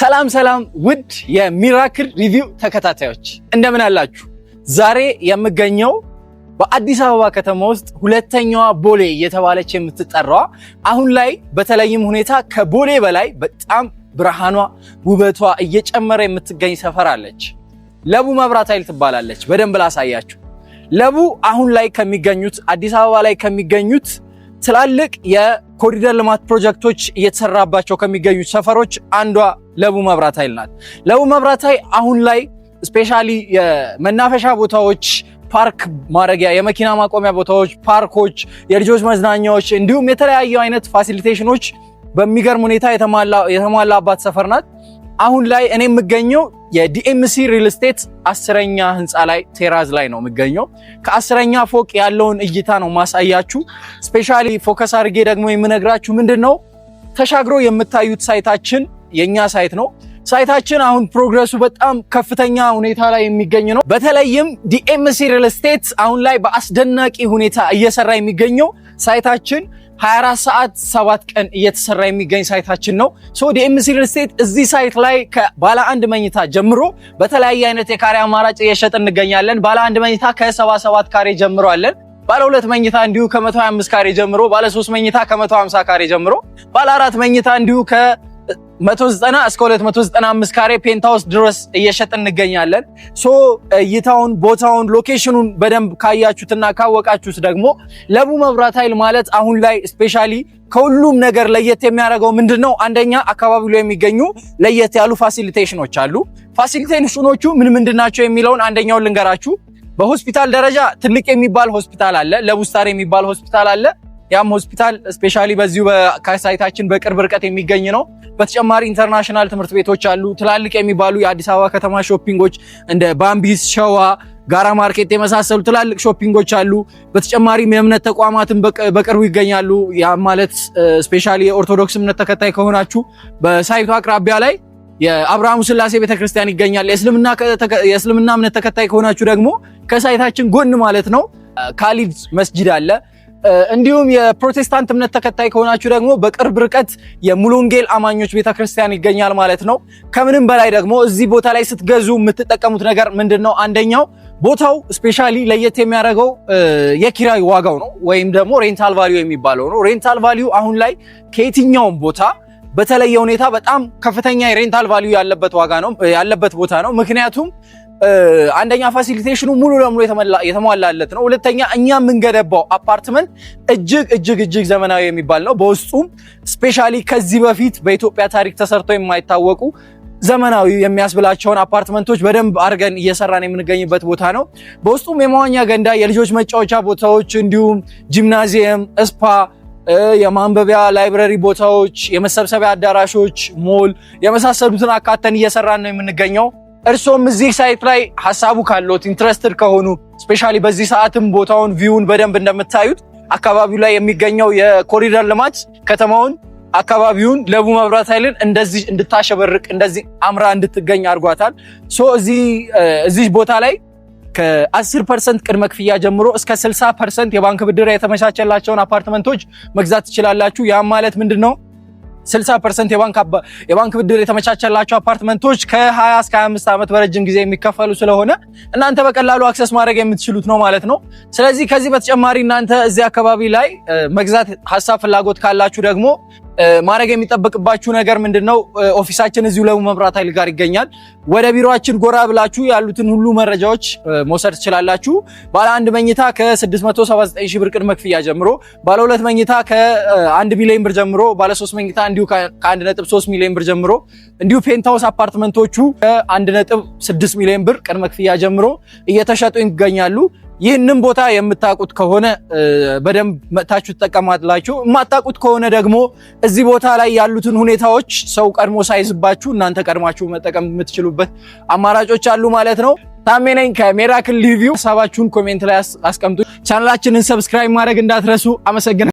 ሰላም ሰላም ውድ የሚራክል ሪቪው ተከታታዮች እንደምን አላችሁ? ዛሬ የምገኘው በአዲስ አበባ ከተማ ውስጥ ሁለተኛዋ ቦሌ እየተባለች የምትጠራዋ አሁን ላይ በተለይም ሁኔታ ከቦሌ በላይ በጣም ብርሃኗ ውበቷ እየጨመረ የምትገኝ ሰፈር አለች። ለቡ መብራት ኃይል ትባላለች። በደንብ ላሳያችሁ። ለቡ አሁን ላይ ከሚገኙት አዲስ አበባ ላይ ከሚገኙት ትላልቅ ኮሪደር ልማት ፕሮጀክቶች እየተሰራባቸው ከሚገኙ ሰፈሮች አንዷ ለቡ መብራት ኃይል ናት። ለቡ መብራት ኃይል አሁን ላይ ስፔሻሊ የመናፈሻ ቦታዎች፣ ፓርክ ማድረጊያ፣ የመኪና ማቆሚያ ቦታዎች፣ ፓርኮች፣ የልጆች መዝናኛዎች እንዲሁም የተለያዩ አይነት ፋሲሊቴሽኖች በሚገርም ሁኔታ የተሟላባት ሰፈር ናት። አሁን ላይ እኔ የምገኘው የዲኤምሲ ሪል ስቴት አስረኛ ህንፃ ላይ ቴራዝ ላይ ነው የሚገኘው። ከአስረኛ ፎቅ ያለውን እይታ ነው ማሳያችሁ። ስፔሻሊ ፎከስ አድርጌ ደግሞ የምነግራችሁ ምንድን ነው ተሻግሮ የምታዩት ሳይታችን የኛ ሳይት ነው። ሳይታችን አሁን ፕሮግረሱ በጣም ከፍተኛ ሁኔታ ላይ የሚገኝ ነው። በተለይም ዲኤምሲ ሪል ስቴት አሁን ላይ በአስደናቂ ሁኔታ እየሰራ የሚገኘው ሳይታችን 24 ሰዓት 7 ቀን እየተሰራ የሚገኝ ሳይታችን ነው። ሶ ዲኤምሲ ሪል ስቴት እዚህ ሳይት ላይ ከባለ አንድ መኝታ ጀምሮ በተለያየ አይነት የካሬ አማራጭ እየሸጥ እንገኛለን። ባለ አንድ መኝታ ከ77 ካሬ ጀምሮ ባለ ሁለት መኝታ እንዲሁ ከ125 ካሬ ጀምሮ፣ ባለ ሶስት መኝታ ከ150 ካሬ ጀምሮ፣ ባለ አራት መኝታ እንዲሁ ከ 190 እስከ 295 ካሬ ፔንታውስ ድረስ እየሸጥ እንገኛለን። ሶ እይታውን፣ ቦታውን፣ ሎኬሽኑን በደንብ ካያችሁትና ካወቃችሁት ደግሞ ለቡ መብራት ኃይል ማለት አሁን ላይ ስፔሻሊ ከሁሉም ነገር ለየት የሚያደርገው ምንድን ነው? አንደኛ አካባቢ ላይ የሚገኙ ለየት ያሉ ፋሲሊቴሽኖች አሉ። ፋሲሊቴሽኖቹ ምን ምንድን ናቸው የሚለውን አንደኛውን ልንገራችሁ። በሆስፒታል ደረጃ ትልቅ የሚባል ሆስፒታል አለ። ለቡ ስታር የሚባል ሆስፒታል አለ። ያም ሆስፒታል ስፔሻሊ በዚሁ ከሳይታችን በቅርብ ርቀት የሚገኝ ነው። በተጨማሪ ኢንተርናሽናል ትምህርት ቤቶች አሉ። ትላልቅ የሚባሉ የአዲስ አበባ ከተማ ሾፒንጎች እንደ ባምቢስ፣ ሸዋ፣ ጋራ ማርኬት የመሳሰሉ ትላልቅ ሾፒንጎች አሉ። በተጨማሪም የእምነት ተቋማትን በቅርቡ ይገኛሉ። ያ ማለት ስፔሻሊ የኦርቶዶክስ እምነት ተከታይ ከሆናችሁ በሳይቱ አቅራቢያ ላይ የአብርሃሙ ስላሴ ቤተክርስቲያን ይገኛል። የእስልምና እምነት ተከታይ ከሆናችሁ ደግሞ ከሳይታችን ጎን ማለት ነው ካሊድ መስጂድ አለ። እንዲሁም የፕሮቴስታንት እምነት ተከታይ ከሆናችሁ ደግሞ በቅርብ ርቀት የሙሉ ወንጌል አማኞች ቤተክርስቲያን ይገኛል ማለት ነው። ከምንም በላይ ደግሞ እዚህ ቦታ ላይ ስትገዙ የምትጠቀሙት ነገር ምንድን ነው? አንደኛው ቦታው ስፔሻሊ ለየት የሚያደርገው የኪራይ ዋጋው ነው፣ ወይም ደግሞ ሬንታል ቫሊዩ የሚባለው ነው። ሬንታል ቫሊዩ አሁን ላይ ከየትኛውም ቦታ በተለየ ሁኔታ በጣም ከፍተኛ የሬንታል ቫሊዩ ያለበት ዋጋ ነው ያለበት ቦታ ነው። ምክንያቱም አንደኛ ፋሲሊቴሽኑ ሙሉ ለሙሉ የተሟላለት ነው። ሁለተኛ እኛ የምንገነባው አፓርትመንት እጅግ እጅግ እጅግ ዘመናዊ የሚባል ነው። በውስጡም ስፔሻሊ ከዚህ በፊት በኢትዮጵያ ታሪክ ተሰርተው የማይታወቁ ዘመናዊ የሚያስብላቸውን አፓርትመንቶች በደንብ አድርገን እየሰራን የምንገኝበት ቦታ ነው። በውስጡም የመዋኛ ገንዳ፣ የልጆች መጫወቻ ቦታዎች እንዲሁም ጂምናዚየም፣ ስፓ የማንበቢያ ላይብረሪ ቦታዎች፣ የመሰብሰቢያ አዳራሾች፣ ሞል የመሳሰሉትን አካተን እየሰራን ነው የምንገኘው። እርስዎም እዚህ ሳይት ላይ ሀሳቡ ካለት ኢንትረስትድ ከሆኑ ስፔሻሊ በዚህ ሰዓትም ቦታውን ቪውን በደንብ እንደምታዩት አካባቢው ላይ የሚገኘው የኮሪደር ልማት ከተማውን አካባቢውን ለቡ መብራት ኃይልን እንደዚህ እንድታሸበርቅ እንደዚህ አምራ እንድትገኝ አድርጓታል። እዚህ ቦታ ላይ ከ10 ፐርሰንት ቅድመ ክፍያ ጀምሮ እስከ 60 ፐርሰንት የባንክ ብድር የተመቻቸላቸውን አፓርትመንቶች መግዛት ትችላላችሁ። ያም ማለት ምንድን ነው? 60 ፐርሰንት የባንክ ብድር የተመቻቸላቸው አፓርትመንቶች ከ20 እስከ 25 ዓመት በረጅም ጊዜ የሚከፈሉ ስለሆነ እናንተ በቀላሉ አክሰስ ማድረግ የምትችሉት ነው ማለት ነው። ስለዚህ ከዚህ በተጨማሪ እናንተ እዚህ አካባቢ ላይ መግዛት ሀሳብ ፍላጎት ካላችሁ ደግሞ ማድረግ የሚጠበቅባችሁ ነገር ምንድን ነው? ኦፊሳችን እዚሁ ለሙ መብራት ኃይል ጋር ይገኛል። ወደ ቢሮችን ጎራ ብላችሁ ያሉትን ሁሉ መረጃዎች መውሰድ ትችላላችሁ። ባለ አንድ መኝታ ከ679 ሺህ ብር ቅድመ ክፍያ ጀምሮ፣ ባለ ሁለት መኝታ ከ1 ሚሊዮን ብር ጀምሮ፣ ባለ ሶስት መኝታ እንዲሁ ከ1.3 ሚሊዮን ብር ጀምሮ፣ እንዲሁ ፔንታውስ አፓርትመንቶቹ ከ1.6 ሚሊዮን ብር ቅድመ ክፍያ ጀምሮ እየተሸጡ ይገኛሉ። ይህንን ቦታ የምታውቁት ከሆነ በደንብ መጥታችሁ ትጠቀማላችሁ። የማታውቁት ከሆነ ደግሞ እዚህ ቦታ ላይ ያሉትን ሁኔታዎች ሰው ቀድሞ ሳይዝባችሁ እናንተ ቀድማችሁ መጠቀም የምትችሉበት አማራጮች አሉ ማለት ነው። ታሜ ነኝ ከሜራክል ሊቪው። ሀሳባችሁን ኮሜንት ላይ አስቀምጡ። ቻናላችንን ሰብስክራይብ ማድረግ እንዳትረሱ። አመሰግናለሁ።